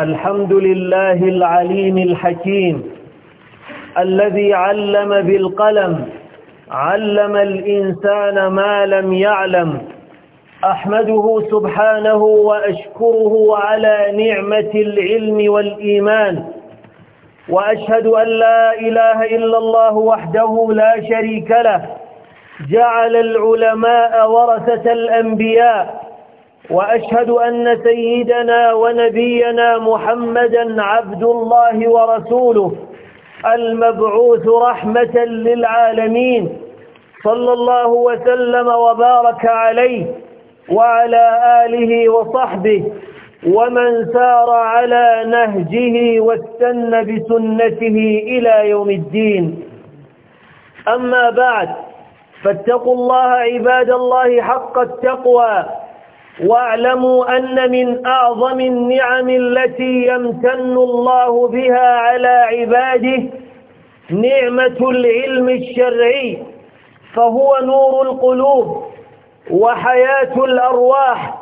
الحمد لله العليم الحكيم الذي علم بالقلم علم الإنسان ما لم يعلم أحمده سبحانه وأشكره على نعمة العلم والإيمان وأشهد أن لا إله إلا الله وحده لا شريك له جعل العلماء ورثة الأنبياء وأشهد أن سيدنا ونبينا محمدا عبد الله ورسوله المبعوث رحمة للعالمين صلى الله وسلم وبارك عليه وعلى آله وصحبه ومن سار على نهجه واستنى بسنته إلى يوم الدين أما بعد فاتقوا الله عباد الله حق التقوى واعلموا أن من أعظم النعم التي يمتن الله بها على عباده نعمة العلم الشرعي فهو نور القلوب وحياة الأرواح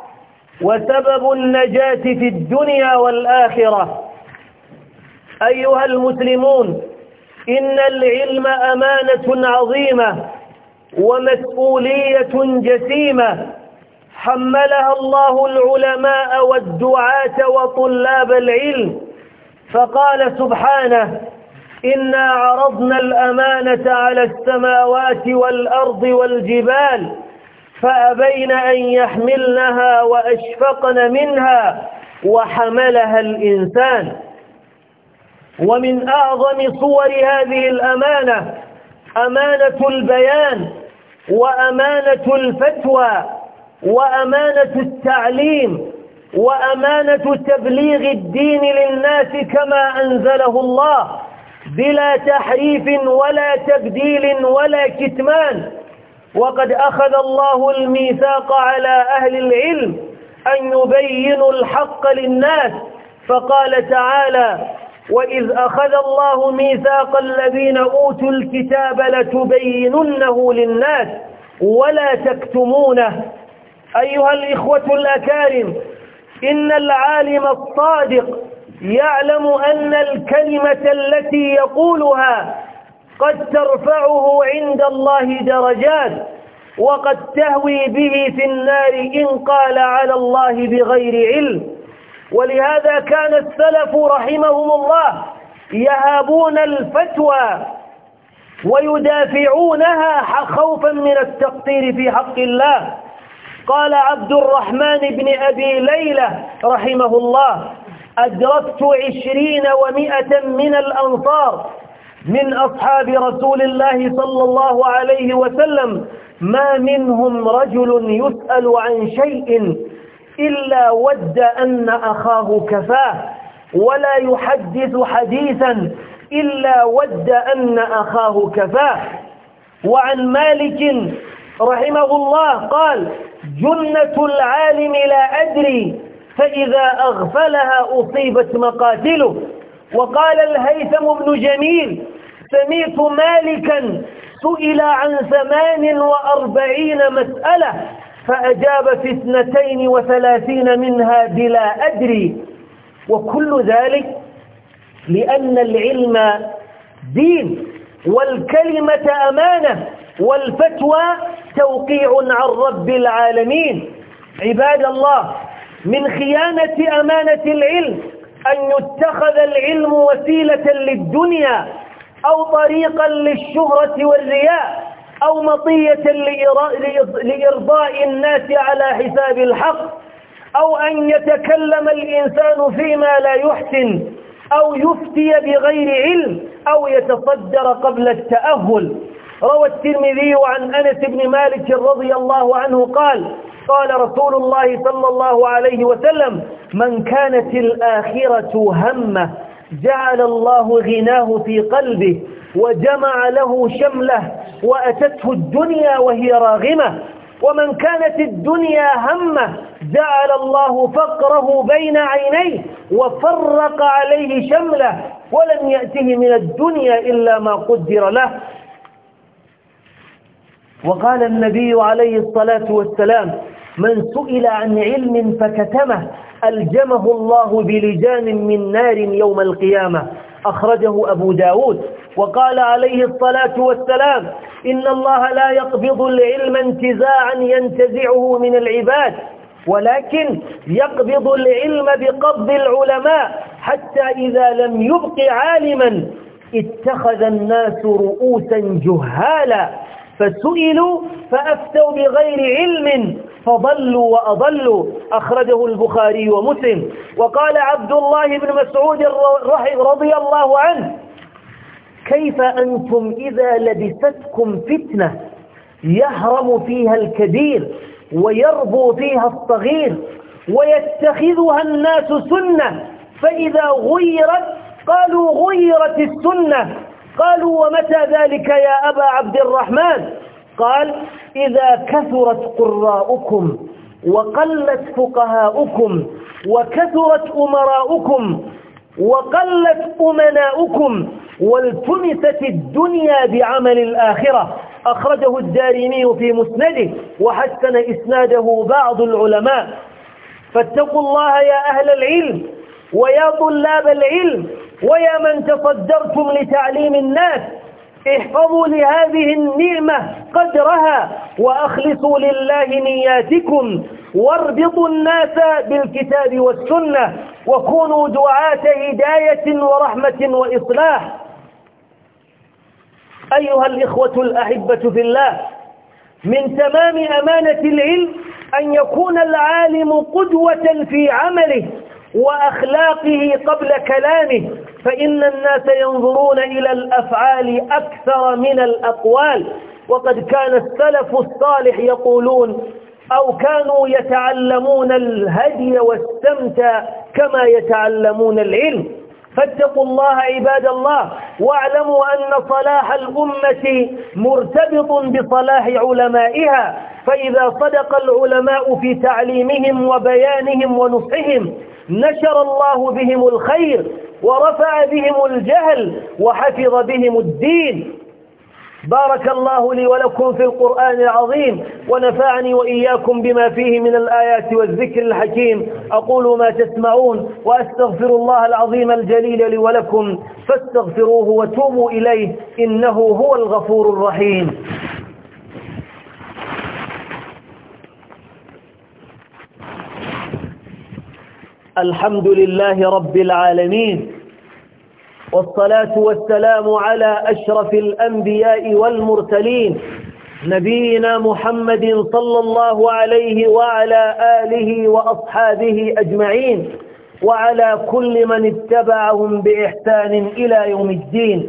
وسبب النجاة في الدنيا والآخرة أيها المسلمون إن العلم أمانة عظيمة ومسؤولية جسيمة حملها الله العلماء والدعاة وطلاب العلم فقال سبحانه إنا عرضنا الأمانة على السماوات والأرض والجبال فأبين أن يحملنها وأشفقن منها وحملها الإنسان ومن أعظم صور هذه الأمانة أمانة البيان وأمانة الفتوى وأمانة التعليم وأمانة تبليغ الدين للناس كما أنزله الله بلا تحريف ولا تبديل ولا كتمان وقد أخذ الله الميثاق على أهل العلم أن يبينوا الحق للناس فقال تعالى وإذ أخذ الله ميثاق الذين أوتوا الكتاب لتبيننه للناس ولا تكتمونه أيها الإخوة الأكارم إن العالم الصادق يعلم أن الكلمة التي يقولها قد ترفعه عند الله درجات وقد تهوي به في النار إن قال على الله بغير علم ولهذا كان السلف رحمهم الله يهابون الفتوى ويدافعونها خوفا من التقصير في حق الله قال عبد الرحمن بن أبي ليلى رحمه الله أدركت عشرين ومئة من الأنصار من أصحاب رسول الله صلى الله عليه وسلم ما منهم رجل يسأل عن شيء إلا ود أن أخاه كفاه ولا يحدث حديثا إلا ود أن أخاه كفاه وعن مالك رحمه الله قال جنة العالم لا أدري فإذا أغفلها أصيبت مقاتله وقال الهيثم بن جميل سمعت مالكا سئل عن ثمان وأربعين مسألة فأجاب في اثنتين وثلاثين منها بلا أدري وكل ذلك لأن العلم دين والكلمة أمانة والفتوى توقيع عن رب العالمين عباد الله من خيانة أمانة العلم أن يتخذ العلم وسيلة للدنيا أو طريقا للشهرة والرياء أو مطية لإرضاء الناس على حساب الحق أو أن يتكلم الإنسان فيما لا يحسن أو يفتي بغير علم أو يتصدر قبل التأهل روى الترمذي عن أنس بن مالك رضي الله عنه قال قال رسول الله صلى الله عليه وسلم من كانت الآخرة همه جعل الله غناه في قلبه وجمع له شمله وأتته الدنيا وهي راغمة ومن كانت الدنيا همه جعل الله فقره بين عينيه وفرق عليه شمله ولم يأته من الدنيا إلا ما قدر له وقال النبي عليه الصلاة والسلام من سئل عن علم فكتمه ألجمه الله بلجان من نار يوم القيامة أخرجه أبو داود وقال عليه الصلاة والسلام إن الله لا يقبض العلم انتزاعا ينتزعه من العباد ولكن يقبض العلم بقبض العلماء حتى إذا لم يبق عالما اتخذ الناس رؤوسا جهالا فسئلوا فأفتوا بغير علم فضلوا وأضلوا أخرجه البخاري ومسلم وقال عبد الله بن مسعود رضي الله عنه كيف أنتم إذا لبستكم فتنة يهرم فيها الكبير ويربو فيها الصغير ويتخذها الناس سنة فإذا غيرت قالوا غيرت السنة قالوا ومتى ذلك يا أبا عبد الرحمن قال إذا كثرت قراءكم وقلت فقهاؤكم وكثرت أمراؤكم وقلت أمناؤكم والتمست الدنيا بعمل الآخرة أخرجه الدارمي في مسنده وحسن إسناده بعض العلماء فاتقوا الله يا أهل العلم ويا طلاب العلم ويا من تصدرتم لتعليم الناس احفظوا لهذه النعمة قدرها وأخلصوا لله نياتكم واربطوا الناس بالكتاب والسنة وكونوا دعاة هداية ورحمة وإصلاح أيها الإخوة الأحبة في الله من تمام أمانة العلم أن يكون العالم قدوة في عمله وأخلاقه قبل كلامه فإن الناس ينظرون إلى الأفعال أكثر من الأقوال وقد كان السلف الصالح يقولون أو كانوا يتعلمون الهدي والسمت كما يتعلمون العلم فاتقوا الله عباد الله واعلموا أن صلاح الأمة مرتبط بصلاح علمائها فإذا صدق العلماء في تعليمهم وبيانهم ونصحهم نشر الله بهم الخير ورفع بهم الجهل وحفظ بهم الدين بارك الله لي ولكم في القرآن العظيم ونفعني وإياكم بما فيه من الآيات والذكر الحكيم أقول ما تسمعون وأستغفر الله العظيم الجليل لي ولكم فاستغفروه وتوبوا إليه إنه هو الغفور الرحيم الحمد لله رب العالمين والصلاة والسلام على أشرف الأنبياء والمرسلين نبينا محمد صلى الله عليه وعلى آله وأصحابه أجمعين وعلى كل من اتبعهم بإحسان إلى يوم الدين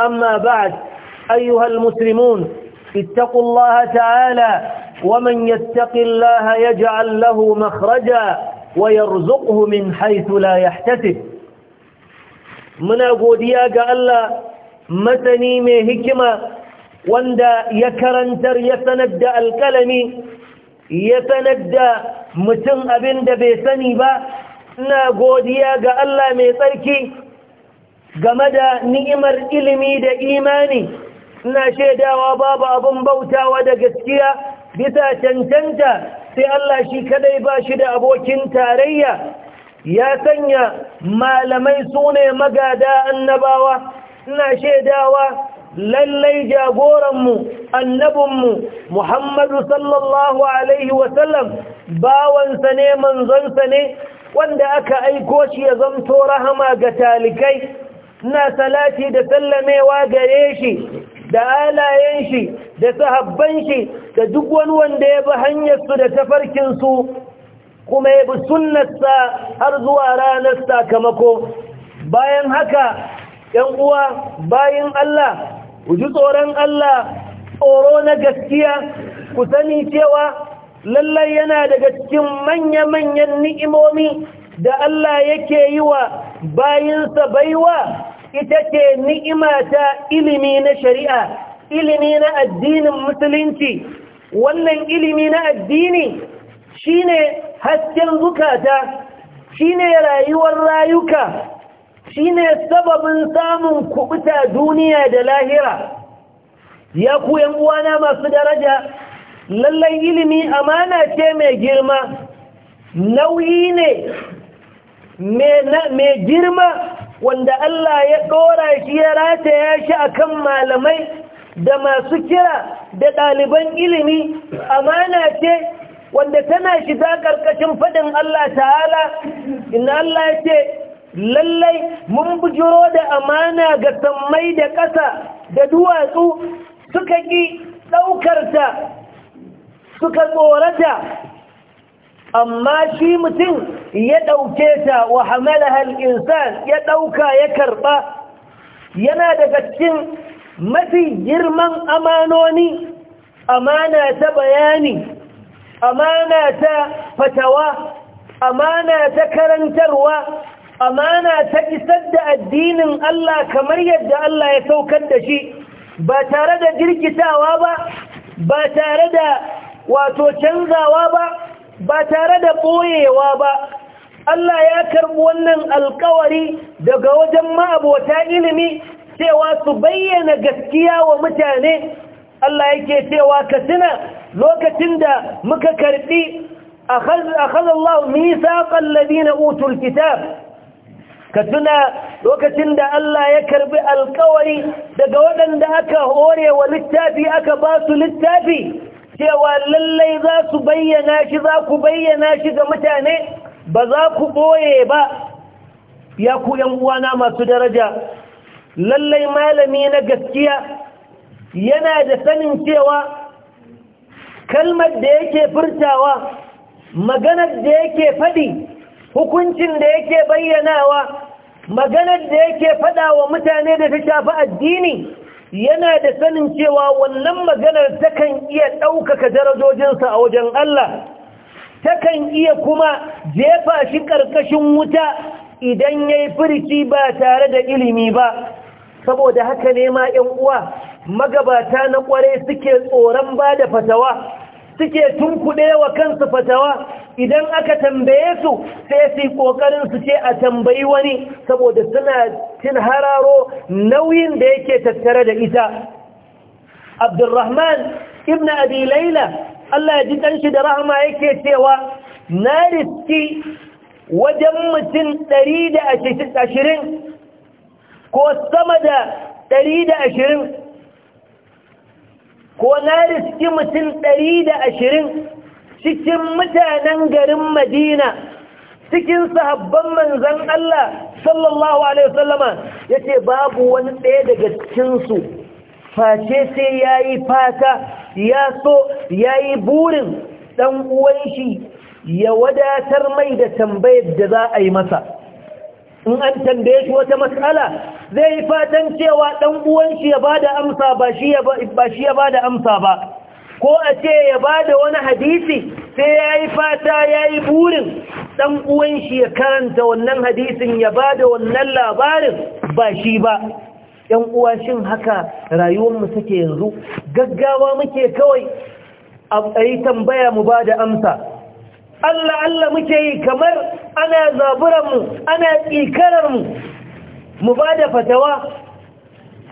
أما بعد أيها المسلمون اتقوا الله تعالى ومن يتق الله يجعل له مخرجا ويرزقه من حيث لا يحتسب منا غوديا ga Allah masani mai hikima wanda ya karantar ya sanar da alkalami ya sanar da mutum abin da bai sani ba ina godiya ga Allah mai tsarki game da ni'imar ilimi da imani ina shaidawa babu abin bautawa da gaskiya bisa cancanta sai Allah shi kadai ba shi da abokin tarayya ya sanya malamai su ne magada annabawa ina shaidawa lallai jagoranmu annabinmu muhammadu sallallahu alaihi wasallam bawansa ne manzonsa ne wanda aka aiko shi ya zamto rahama ga talikai ina salati da sallamewa gare shi da alayen shi da sahabban shi da duk wani wanda ya bi hanyar su da tafarkin su kuma ya bi sa har zuwa ranar sakamako bayan haka ‘yan uwa bayan Allah uji tsoron Allah tsoro na gaskiya ku sani cewa lallai yana daga cikin manya-manyan ni'imomi da Allah yake yi wa bayinsa baiwa ita ce ni'ima ta ilimi na shari'a ilimi na addinin musulunci wannan ilimi na addini shine hasken zukata shine rayuwar rayuka shine sababin samun kubuta duniya da lahira ya ku yan uwana masu daraja lallai ilimi amana ce mai girma nauyi ne mai girma wanda Allah ya ɗora shi ya rataya shi akan malamai da masu kira da ɗaliban ilimi amana ce wanda tana shiga ƙarƙashin faɗin Allah ta'ala ina Allah ce lallai mun bujiro da amana ga sammai da ƙasa da duwatsu suka ƙi ɗaukarta suka tsorata amma shi mutum ya ɗauke ta wa hamalahal ya ɗauka ya karɓa yana daga cikin mafi girman amanoni amana ta bayani amana ta fatawa amana ta karantarwa amana ta isar da addinin Allah kamar yadda Allah ya saukar da shi ba tare da jirkitawa ba ba tare da wato canzawa ba ba tare da ɓoyewa ba Allah ya karɓi wannan alkawari daga wajen ma'abota ilimi cewa su bayyana gaskiya wa mutane Allah yake cewa ka tuna lokacin da muka karbi akhadha Allah mithaqal ladina utul kitab ka tuna lokacin da Allah ya karbi alkawari daga waɗanda aka hore wa littafi aka ba su littafi cewa lallai za su bayyana shi za ku bayyana shi ga mutane ba za ku ɓoye ba ya ku uwana masu daraja lallai malami na gaskiya yana da sanin cewa kalmar da yake furtawa maganar da yake faɗi hukuncin da yake bayyanawa maganar da yake faɗa wa mutane da ta shafi addini yana da sanin cewa wannan maganar takan iya ɗaukaka darajojinsa a wajen Allah takan iya kuma jefa shi ƙarƙashin wuta idan ya yi firci ba tare da ilimi ba saboda haka ne ma ‘yan uwa magabata na ƙwarai suke tsoron ba da fatawa suke tun kuɗe wa kansu fatawa idan aka tambaye su sai su yi kokarin su ce a tambayi wani saboda suna cin hararo nauyin da yake tattare da ita abdurrahman ibn abi laila Allah ya ji kanshi da rahama yake cewa na riski wajen mutum 120 ko sama da 120 ko na riski mutum 120 cikin mutanen garin madina cikin sahabban manzan Allah sallallahu alaihi wasallama yace babu wani ɗaya daga cikin su face sai yayi fata ya so yayi burin dan uwan shi ya wadatar mai da tambayar da za a yi masa in an tambaye shi wata matsala zai yi fatan cewa dan uwan shi ya bada amsa ba shi ya bada amsa ba ko a ce ya ba da wani hadisi sai ya yi fata ya yi burin ɗan uwan shi ya karanta wannan hadisin ya ba da wannan labarin ba shi ba ‘yan uwa shin haka rayuwarmu suke yanzu gaggawa muke kawai a yi tambaya mu ba da amsa Allah Allah muke yi kamar ana zaburanmu ana ƙikararmu mu ba da fatawa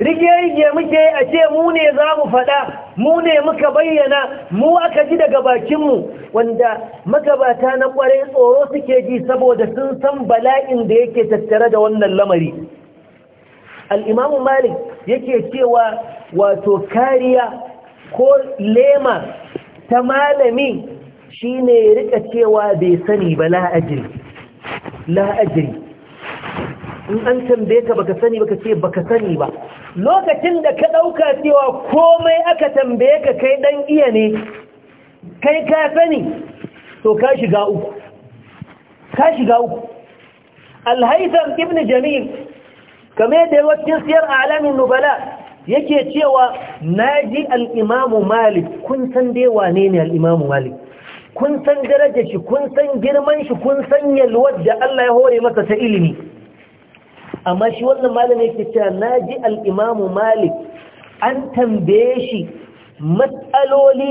rige-rige muke a ce mu ne za mu faɗa mu ne muka bayyana mu aka ji daga bakinmu wanda magabata na ƙwarai tsoro suke ji saboda sun san bala'in da yake tattare da wannan lamari al'imamu malik yake cewa wato kariya ko lema ta malami shine rika cewa bai sani ba la'ajiri la'ajiri in an tambaye ka baka sani baka ce baka sani ba lokacin da ka ɗauka cewa komai aka tambaye ka kai ɗan iya ne kai ka sani to ka shiga uku ka shiga uku ibn jamil kame da yawancin siyar alamin nubala yake cewa na ji al'imamu malik kun san dai wane ne al'imamu malik kun san darajar shi kun san girman shi kun san yalwar da Allah ya hore masa ta ilimi amma shi wannan malami yake cewa naji al-imam malik an tambaye shi matsaloli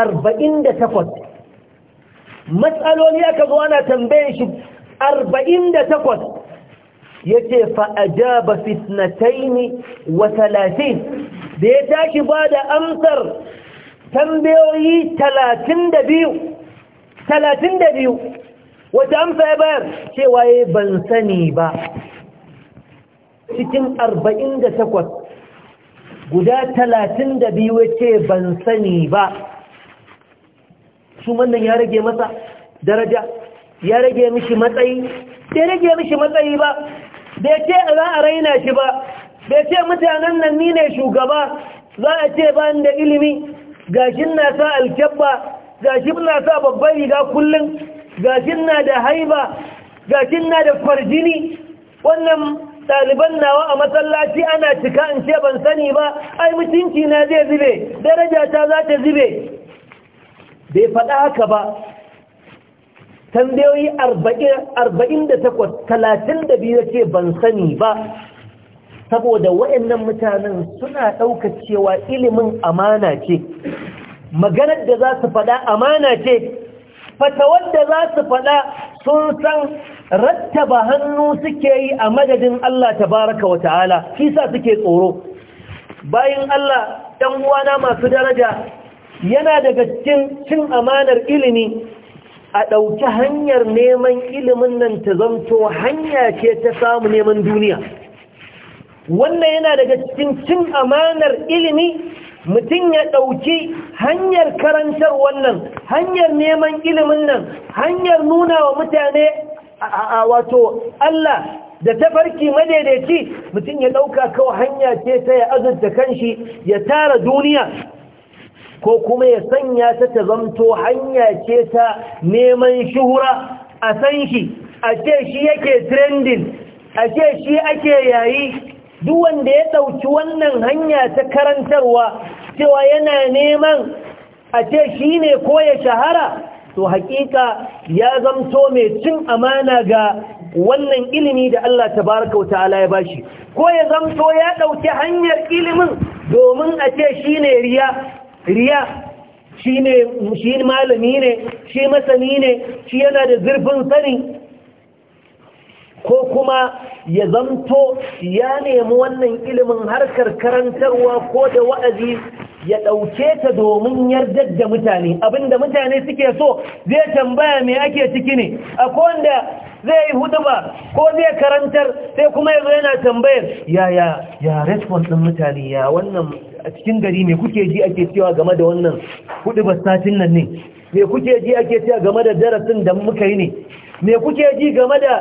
48 matsaloli aka zo ana tambaye shi 48 yace fa ajaba fitnatayn wa 30 da ya tashi ba da amsar tambayoyi 32 32 wata amsa ya bayar cewa eh, ban sani ba cikin arba'in da takwas guda talatin da biyu ce ban sani ba su wannan ya rage masa daraja ya rage mishi matsayi ya rage mishi matsayi ba bai ce za a raina shi ba bai ce mutanen nan ni ne shugaba za a ce ba da ilimi gashin na sa alkyabba gashin na sa babban riga kullum gashin na da haiba gashin na da farjini wannan ɗaliban nawa a masallaci ana cika in ce ban sani ba ai mutunci na zai zube daraja ta za ta zube bai faɗa haka ba tambayoyi arba'in da takwas talatin da biyu ya ce ban sani ba saboda waɗannan mutanen suna ɗauka cewa ilimin amana ce maganar da za su faɗa amana ce fatawar da za su faɗa sun san rattaba hannu suke yi a madadin Allah tabaraka wa ta'ala shi sa suke tsoro bayan Allah ɗan uwana masu daraja yana daga cikin cin amanar ilimi a ɗauki hanyar neman ilimin nan ta zamto hanya ce ta samu neman duniya wannan yana daga cikin cin amanar ilimi mutum ya ɗauki hanyar karantar wannan hanyar neman ilimin nan hanyar nuna wa mutane wato Allah da tafarki madaidaici mutum ya dauka kawai hanya ce ta ya azurta kanshi ya tara duniya ko kuma ya sanya ta ta zamto hanya ce ta neman shuhura a san shi a ce shi yake trending a ce shi ake yayi duk wanda ya dauki wannan hanya ta karantarwa cewa yana neman a ce shi ne ko ya shahara to haƙiƙa ya zamto mai cin amana ga wannan ilimi da Allah tabaraka wa ta'ala ya bashi ko ya zamto ya ɗauki hanyar ilimin domin a ce shine riya riya shine shi malami ne shi masani ne shi yana da zurfin sani ko kuma ya zamto ya nemi wannan ilimin harkar karantarwa ko da wa'azi ya ɗauke ta domin yardar da mutane abinda mutane suke so zai tambaya mai ake ciki ne a wanda zai yi huduba ko zai karantar sai kuma yanzu yana tambayar ya ya ya response ɗin mutane ya wannan a cikin gari mai kuke ji ake cewa game da wannan hudubar satin nan ne mai kuke ji ake cewa game da darasin da muka yi ne me kuke ji game da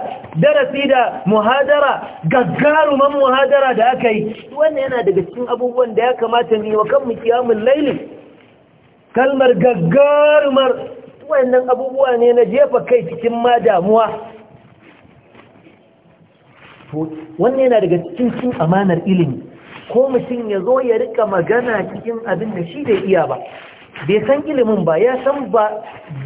darasi da muhadara gaggaruman muhadara da aka yi wannan yana daga cikin abubuwan da ya kamata ne wa kanmu kiyamun laili kalmar gaggarumar wannan abubuwa ne na jefa kai cikin ma damuwa wannan yana daga cikin cin amanar ilimi ko mutum ya zo ya rika magana cikin abin da shi bai iya ba bai san ilimin ba ya san ba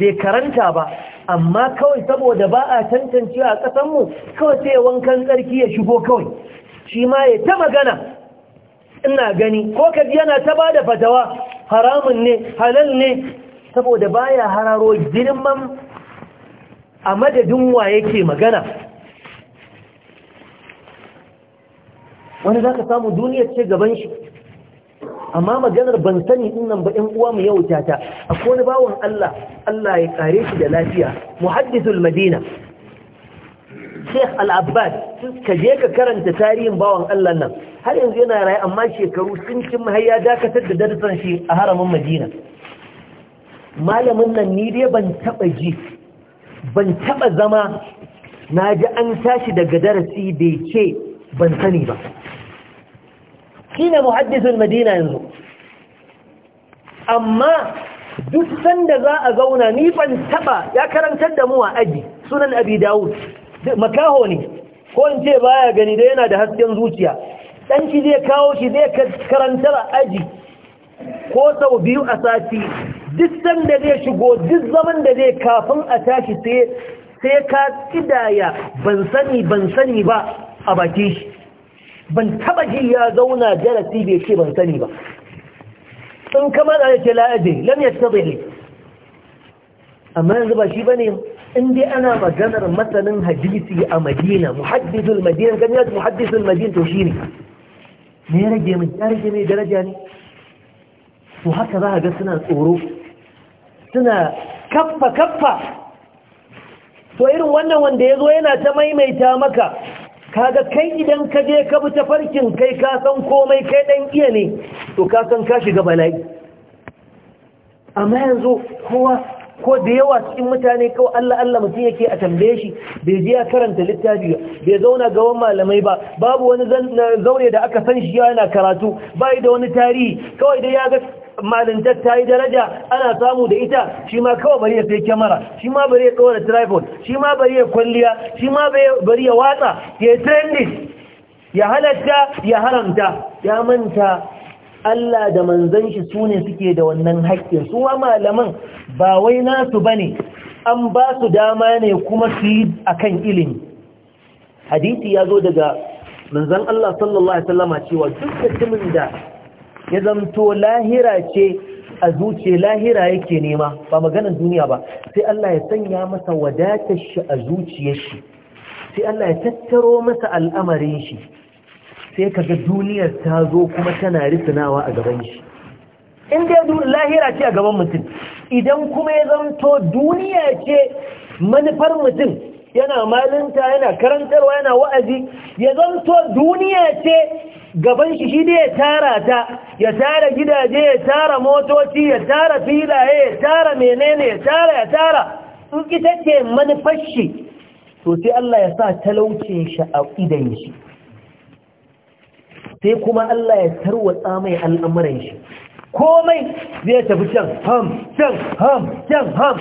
bai karanta ba amma kawai saboda ba a tantance a ƙasanmu kawai sai wankan tsarki ya shigo kawai shi ma ya ta magana ina gani ko kaji yana ta bada fatawa haramun ne halal ne saboda baya hararo girman a madadin wa yake magana wani za ka samu duniya ce gaban shi amma maganar ban sani din nan ba in uwa mu yau ta akwai wani bawan Allah Allah ya kare shi da lafiya muhaddithul madina Sheikh Al-Abbad ka je ka karanta tarihin bawan Allah nan har yanzu yana rayu amma shekaru sun cin har ya dakatar da darasan shi a haramin Madina malamin nan ni dai ban taba ji ban taba zama naji an tashi daga darasi bai ce ban sani ba kina muhaddisul Madina yanzu amma duk sanda za a zauna ni ban taba ya karantar da mu a aji sunan abi dawud makaho ne ko in ce baya gani da yana da hasken zuciya dan shi zai kawo shi zai karantar aji ko sau biyu a sati duk sanda zai shigo duk zaman da zai kafin a tashi sai sai ka kidaya ban sani ban sani ba a baki shi ban taba ji ya zauna jarasi bai ce ban sani ba in kama da ce la'adari lam ya ta amma yanzu ba shi ba ne in dai ana maganar masanin hadisi a madina muhaddisul madina kan yasu muhaddisul madina to shi ne me ya rage min ya rage mai daraja ne to haka za a ga suna tsoro suna kaffa kaffa to irin wannan wanda ya zo yana ta maimaita maka kaga kai idan ka je ka bi tafarkin kai ka san komai kai dan iya ne to ka san ka shiga bala'i amma yanzu kowa ko da yawa cikin mutane kawai Allah Allah mutum yake a tambaye shi bai je ya karanta littafi bai zauna ga gaban malamai ba babu wani zaure da aka san shi yana karatu bai da wani tarihi kawai da ya ga malintar ta yi daraja ana samu da ita shi ma kawai bari ya sai kyamara shi ma bari ya tsawar tripod shi ma bari ya kwalliya shi ma bari ya watsa ya yi trending ya halatta ya haramta ya manta Allah da manzan shi su ne suke da wannan haƙƙin su ma malaman ba wai nasu bane an ba su dama ne kuma su yi akan ilimi hadisi ya zo daga manzan Allah sallallahu alaihi wasallama cewa duk mutumin da ya zamto lahira ce a zuciya lahira yake nema ba maganar duniya ba sai Allah ya sanya masa wadatar shi a zuciyar shi sai Allah ya tattaro masa al'amarin shi sai ka ga duniyar ta zo kuma tana risinawa a gaban shi in dai lahira ce a gaban mutum idan kuma ya zanto duniya ce manufar mutum yana malinta yana karantarwa yana wa'azi ya zanto duniya ce gaban shi shi dai ya tara ta ya tara gidaje ya tara motoci ya tara filaye ya tara menene ya tara ya tara in ita ce manufar shi to Allah ya sa talaucin shi a idan shi sai kuma Allah ya tarwatsa mai al'amuran shi komai zai tafi can ham can ham can ham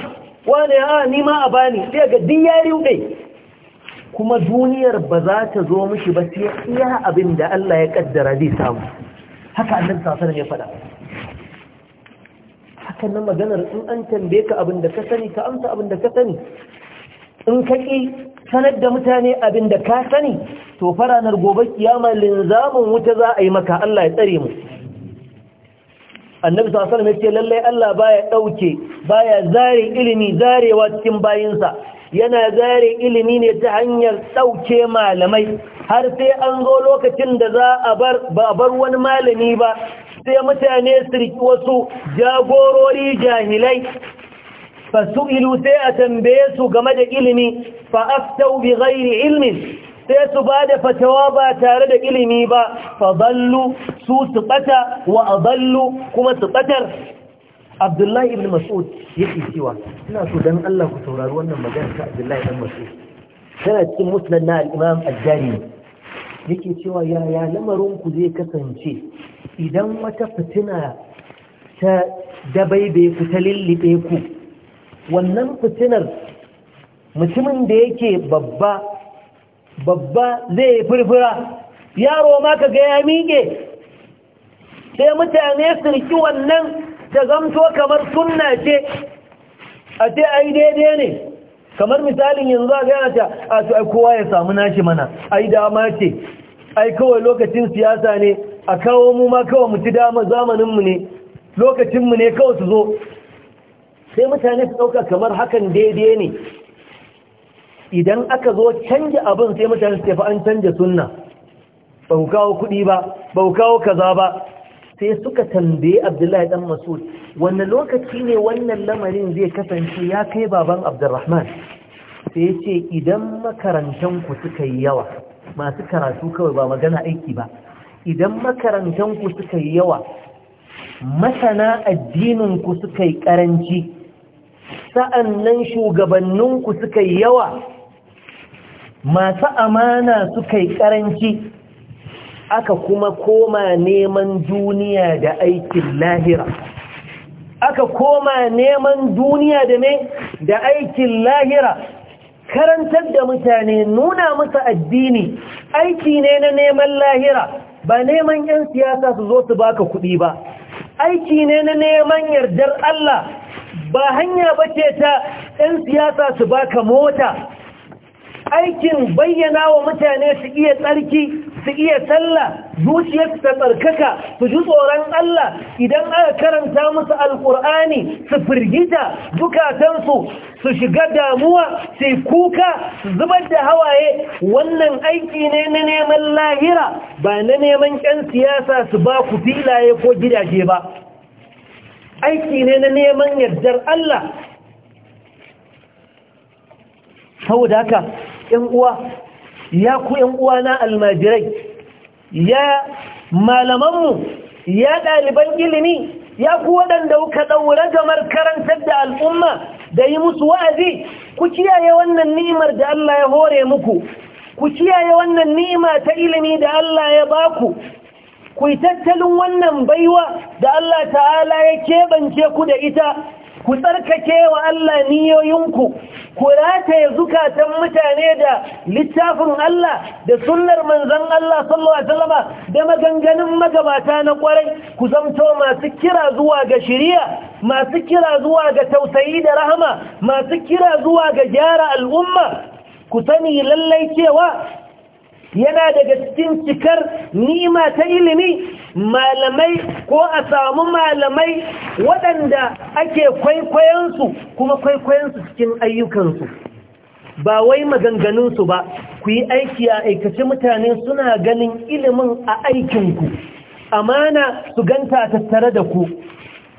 wani ah, ni nima a bani sai ga din ya kuma duniyar ba za ta zo mishi ba sai iya abin da Allah ya kaddara zai samu haka annabi sallallahu alaihi faɗa haka na maganar in an tambaye ka abin da ka sani ka amsa abin da ka sani in ka ƙi sanar da mutane abin da ka sani to faranar gobe kiyama linzamin wuta za a yi maka Allah ya tsare mu annabi sallallahu alaihi wasallam lallai Allah baya dauke baya zare ilimi zarewa cikin bayinsa yana zare ilimi ne ta hanyar ɗauke malamai har sai an zo lokacin da za a bar ba bar wani malami ba sai mutane su riƙi wasu jagorori jahilai fasu'ilu sai a tambaye su game da ilimi fa aftau bi ghairi sai su ba da fatawa ba tare da ilimi ba fa ballu su su bata wa adallu kuma su batar Abdullahi ibn Mas'ud yake cewa ina so dan Allah ku saurari wannan magana ta Abdullahi ibn Mas'ud tana cikin musnad na al-Imam Ad-Darimi cewa yaya lamarin ku zai kasance idan wata fitina ta dabaibe ku ta lillibe ku wannan fitinar mutumin da yake babba babba zai yi firfira yaro ma ka ga ya miƙe sai mutane su riki wannan ta zamto kamar sunna ce a ce ai daidai ne kamar misalin yanzu a gaya ta a su kowa ya samu nashi mana ai dama ce ai kawai lokacin siyasa ne a kawo mu ma kawai mu ci dama zamaninmu ne lokacinmu ne kawai su zo sai mutane su ɗauka kamar hakan daidai ne idan aka zo canja abin sai mutane su tafi an canja sunna ba ku kawo kuɗi ba ba ku kawo kaza ba sai suka tambaye abdullahi dan masud wanne lokaci ne wannan lamarin zai kasance ya kai baban abdurrahman sai ce idan makarantanku suka yi yawa masu karatu kawai ba magana aiki ba idan makarantanku suka yi yawa masana addininku suka yi karanci sa'annan shugabanninku suka yi yawa masu amana suka yi ƙaranci aka kuma koma neman duniya da aikin lahira aka koma neman duniya da ne da aikin lahira karantar da mutane nuna musu addini aiki ne na neman lahira ba neman 'yan siyasa su zo su baka kuɗi ba aiki ne na neman yardar Allah ba hanya ba ce ta 'yan siyasa su baka mota aikin bayyana wa mutane su iya tsarki su iya sallah su ta tsarkaka su ji tsoron Allah idan aka karanta musu alkur'ani su firgita dukatansu su shiga damuwa su kuka su zubar da hawaye wannan aiki ne na neman lahira ba na neman 'yan siyasa su ba ku filaye ko gidaje ba aiki ne na neman yardar Allah saboda haka ‘yan uwa ya ku ‘yan uwa na almajirai ya malamanmu ya ɗaliban ilimi ya ku waɗanda kuka ɗaura gamar karantar da al'umma da yi musu wa'azi ku kiyaye wannan nimar da Allah ya hore muku ku kiyaye wannan ni'ima ta ilimi da Allah ya baku ku tattalin wannan baiwa da Allah ta'ala ya keɓance ku da ita ku tsarkake wa Allah niyoyinku ku rataye zukatan mutane da littafin Allah da sunnar manzon Allah sallallahu alaihi wasallam da maganganun magabata na kwarai ku zamto masu kira zuwa ga shiriya, masu kira zuwa ga tausayi da rahama masu kira zuwa ga gyara al'umma ku sani lallai cewa yana daga cikin cikar nima ta ilimi malamai ko a samu malamai waɗanda ake kwaikwayonsu kuma kwaikwayonsu cikin ayyukansu ba wai maganganunsu ba ku yi aiki a aikace mutane suna ganin ilimin a aikinku amana su ganta tattare da ku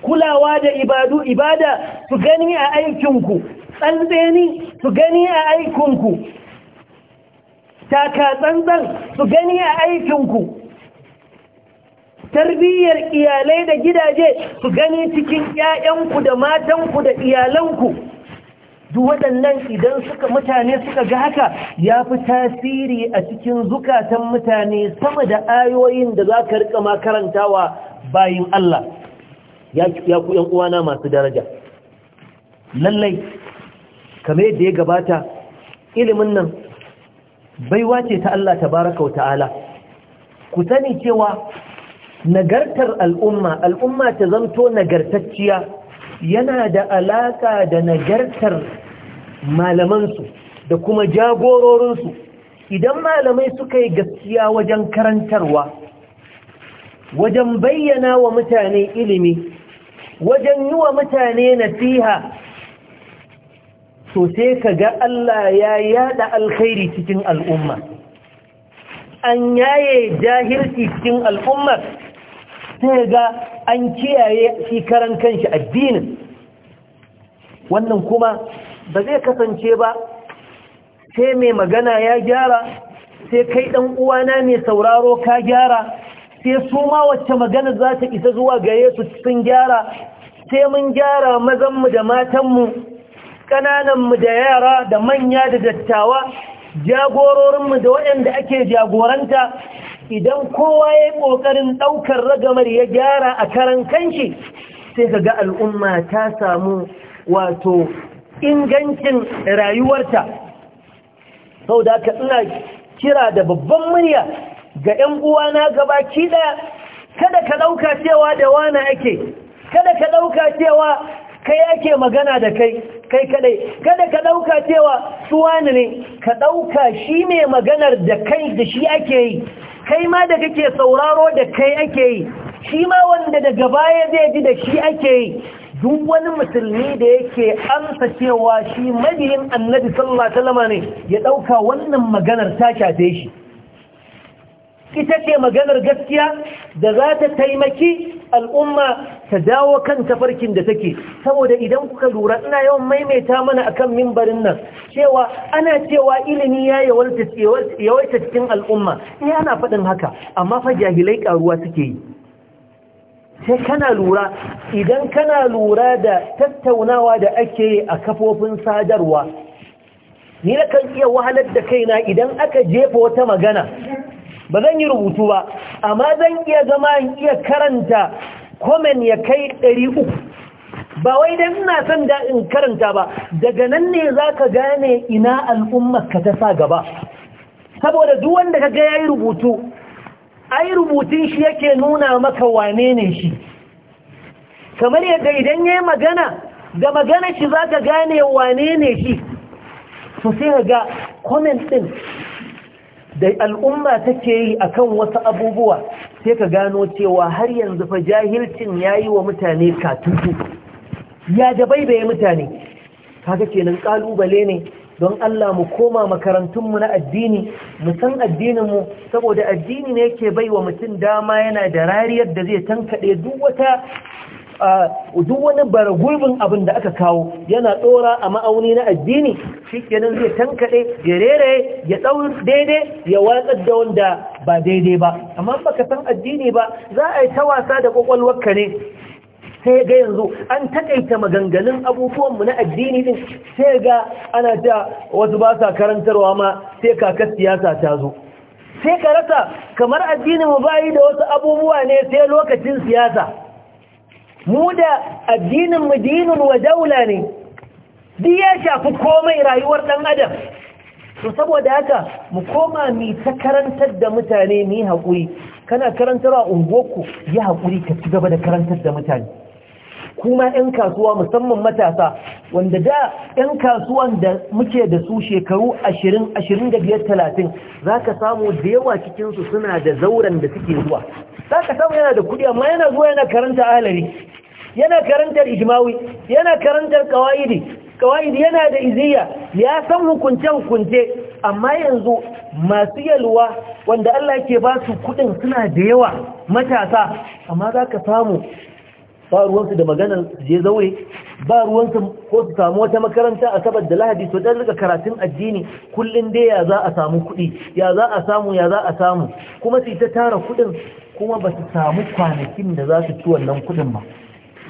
kulawa da ibadu ibada su gani a aikinku tsantseni su gani a aikinku Takatsantsan su gani a aikinku tarbiyyar iyalai da gidaje su gani cikin 'ya'yanku da matanku da iyalanku duk waɗannan idan suka mutane suka ga haka ya fi tasiri a cikin zukatan mutane sama da ayoyin da za ka rika makarantawa bayin Allah ya ku uwana masu daraja lallai kame da ya gabata ilimin nan baiwa ce ta Allah tabaraka wa ta'ala ku sani cewa nagartar al'umma al'umma ta zanto nagartacciya yana da alaƙa da nagartar malamansu da kuma jagororinsu idan malamai suka yi gaskiya wajen karantarwa wajen bayyana wa mutane ilimi wajen yi wa mutane nasiha So sai ka ga Allah ya yada alkhairi cikin al'umma an yaye jahilci cikin al'umma sai ga an kiyaye shi kanshi addinin wannan kuma ba zai kasance ba sai mai magana ya gyara sai kai ɗan uwana mai sauraro ka gyara sai su ma wacce magana za ta isa zuwa gare su sun gyara sai mun gyara mazanmu da matanmu ƙanananmu da yara da manya da dattawa jagororinmu da waɗanda ake jagoranta idan kowa ya yi ƙoƙarin ɗaukar ragamar ya gyara a karan kanshi sai ga al'umma ta samu wato ingancin rayuwarta sau da ka ina kira da babban murya ga ‘yan uwana gaba ɗaya kada ka ɗauka cewa da wana ake kada ka ɗauka cewa kai ake magana da kai kai kadai kada ka dauka cewa suwani ne ka dauka shi ne maganar da kai da shi ake yi kai ma da kake sauraro da kai ake yi shi ma wanda daga baya zai ji da shi ake yi duk wani musulmi da yake amsa cewa shi mabiyin annabi sallallahu alaihi wasallam ne ya dauka wannan maganar ta shafe shi ita ce maganar gaskiya da za ta taimaki al'umma ta dawo kan tafarkin da take saboda idan kuka lura ina yawan maimaita mana akan mimbarin nan cewa ana cewa ilimi ya yawaita cikin al'umma eh ana faɗin haka amma fa jahilai karuwa suke yi sai kana lura idan kana lura da tattaunawa da ake a kafofin sadarwa ni na kan iya wahalar da kaina idan aka jefa wata magana ba zan yi rubutu ba amma zan iya zama in iya karanta komen ya kai ɗari uku. ba wai dan ina son da karanta ba daga nan ne zaka gane ina al'umma ka ta sa gaba saboda duk wanda ka kaga yayi rubutu ai rubutun shi yake nuna maka wane ne shi kamar yadda idan yayi magana da magana shi zaka gane wane ne shi to sai ga komen ɗin. da al'umma take yi akan wasu abubuwa sai ka gano cewa har yanzu fa jahilcin yayi wa mutane katutu ya da baibaye mutane kaga kenan kalubale ne don Allah mu koma makarantunmu na addini mu san addininmu saboda addini ne yake baiwa mutum dama yana da rariyar da zai tankaɗe duk wata duk wani bara gurbin abin da aka kawo yana tsora a ma'auni na addini shi kenan zai tankade ya rere ya dau daidai ya watsar da wanda ba daidai ba amma baka san addini ba za a yi ta wasa da kwakwalwarka ne sai ga yanzu an takaita maganganun abubuwanmu na addini din sai ga ana ta wasu ba sa karantarwa ma sai kakar siyasa ta zo sai ka rasa kamar addinin mu bayi da wasu abubuwa ne sai lokacin siyasa mu da addinin mu dinin wa ne duk ya shafi komai rayuwar ɗan adam to saboda haka mu koma mi ta karantar da mutane mi haƙuri kana karantarwa ungoku ya haƙuri ka ci gaba da karantar da mutane kuma 'yan kasuwa musamman matasa wanda da 'yan kasuwan da muke da su shekaru 20-25-30 za ka samu da yawa cikinsu suna da zauren da suke zuwa za ka samu yana da kudi amma yana zuwa yana karanta alari yana karantar ijmawi yana karantar kawaidi kawaidi yana da iziya ya san hukunce hukunce amma yanzu masu yalwa wanda Allah yake ba su kudin suna da yawa matasa amma za ka samu ba ruwansu da maganar je zaure ba ruwansu ko su samu wata makaranta a sabar da lahadi su dan rika karatun addini Kullum dai ya za a samu kuɗi ya za a samu ya za a samu kuma su ta tara kuɗin kuma ba su samu kwanakin da za su ci wannan kuɗin ba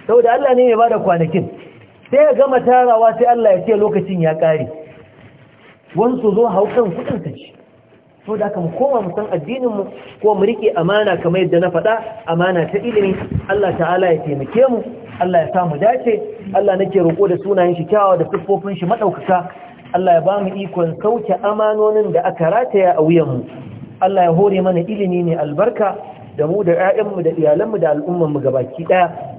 saboda Allah ne mai bada kwanakin sai ya gama tarawa sai Allah ya ce lokacin ya kare wansu zo haukan kudin ta ce so da aka mu koma mu san addinin mu ko mu rike amana kamar yadda na faɗa amana ta ilimi Allah ta'ala ya taimake mu Allah ya samu dace Allah nake roƙo da sunayen shi kyawawa da siffofin shi madaukaka Allah ya ba mu ikon sauke amanonin da aka rataya a wuyan mu Allah ya hore mana ilimi ne albarka da mu da 'ya'yanmu da iyalanmu da mu gabaki ɗaya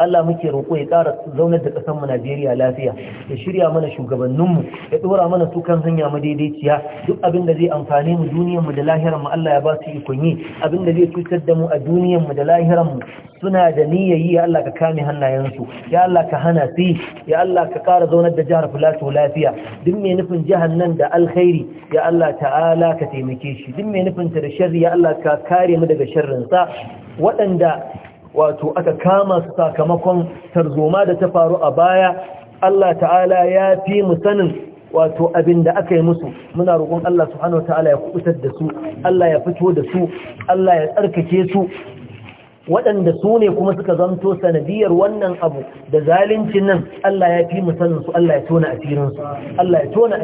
Allah muke roƙo ya ƙara zaunar da ƙasar mu Najeriya lafiya ya shirya mana shugabannin mu ya dora mana su kan hanya madaidaiciya duk abin da zai amfane mu duniyar mu da lahirar mu Allah ya ba su ikon yi abin da zai cutar da mu a duniyar mu da lahirar mu suna da niyyar ya Allah ka kame hannayen su ya Allah ka hana su ya Allah ka ƙara zaunar da jihar Filato lafiya duk mai nufin jihar nan da alkhairi ya Allah ta'ala ka taimake shi duk mai nufin ta da sharri ya Allah ka kare mu daga sharrin sa waɗanda wato aka kama sakamakon tarzoma da ta faru a baya Allah ta'ala ya fi mu sanin wato abin da aka yi musu muna roƙon Allah subhanahu ta'ala ya kubutar da su Allah ya fito da su Allah ya tsarkake su waɗanda su ne kuma suka zanto sanadiyar wannan abu da zalincin nan Allah ya fi musanin su Allah ya tona asirinsu Allah ya tona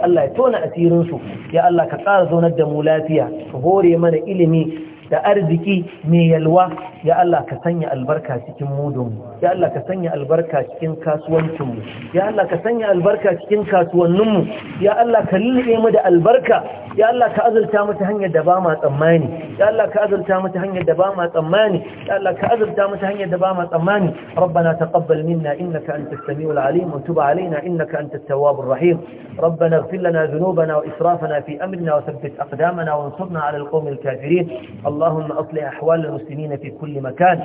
Allah ya tona asirinsu ya Allah ka ƙara zaunar da mu lafiya ka hore mana ilimi da arziki mai yalwa ya Allah ka sanya albarka cikin mudunmu ya Allah ka sanya albarka cikin kasuwancinmu ya Allah ka sanya albarka cikin kasuwanninmu ya Allah ka lulluɓe mu da albarka ya Allah ka azurta mata hanyar da ba ma tsammani ya Allah ka azurta mata hanyar da ba ma tsammani ya Allah ka azurta mata hanyar da ba ma tsammani rabbana taqabbal minna innaka antas samiul alim wa tub alaina innaka antat tawwabur rahim rabbana ighfir lana dhunubana wa israfana fi amrina wa thabbit aqdamana wa ansurna ala alqawmil kafirin allahumma aslih ahwal almuslimin fi kulli makan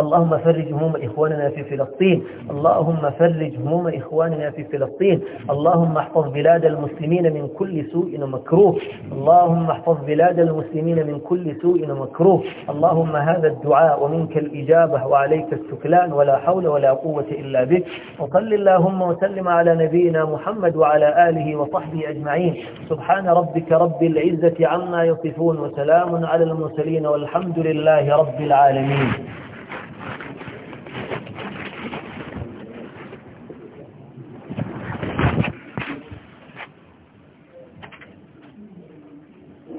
اللهم فرج هموم إخواننا في فلسطين اللهم فرج هموم إخواننا في فلسطين اللهم احفظ بلاد المسلمين من كل سوء ومكروه اللهم احفظ بلاد المسلمين من كل سوء ومكروه اللهم هذا الدعاء ومنك الإجابة وعليك السكلان ولا حول ولا قوة إلا بك وصل اللهم وسلم على نبينا محمد وعلى آله وصحبه أجمعين سبحان ربك رب العزة عما يصفون وسلام على المرسلين والحمد لله رب العالمين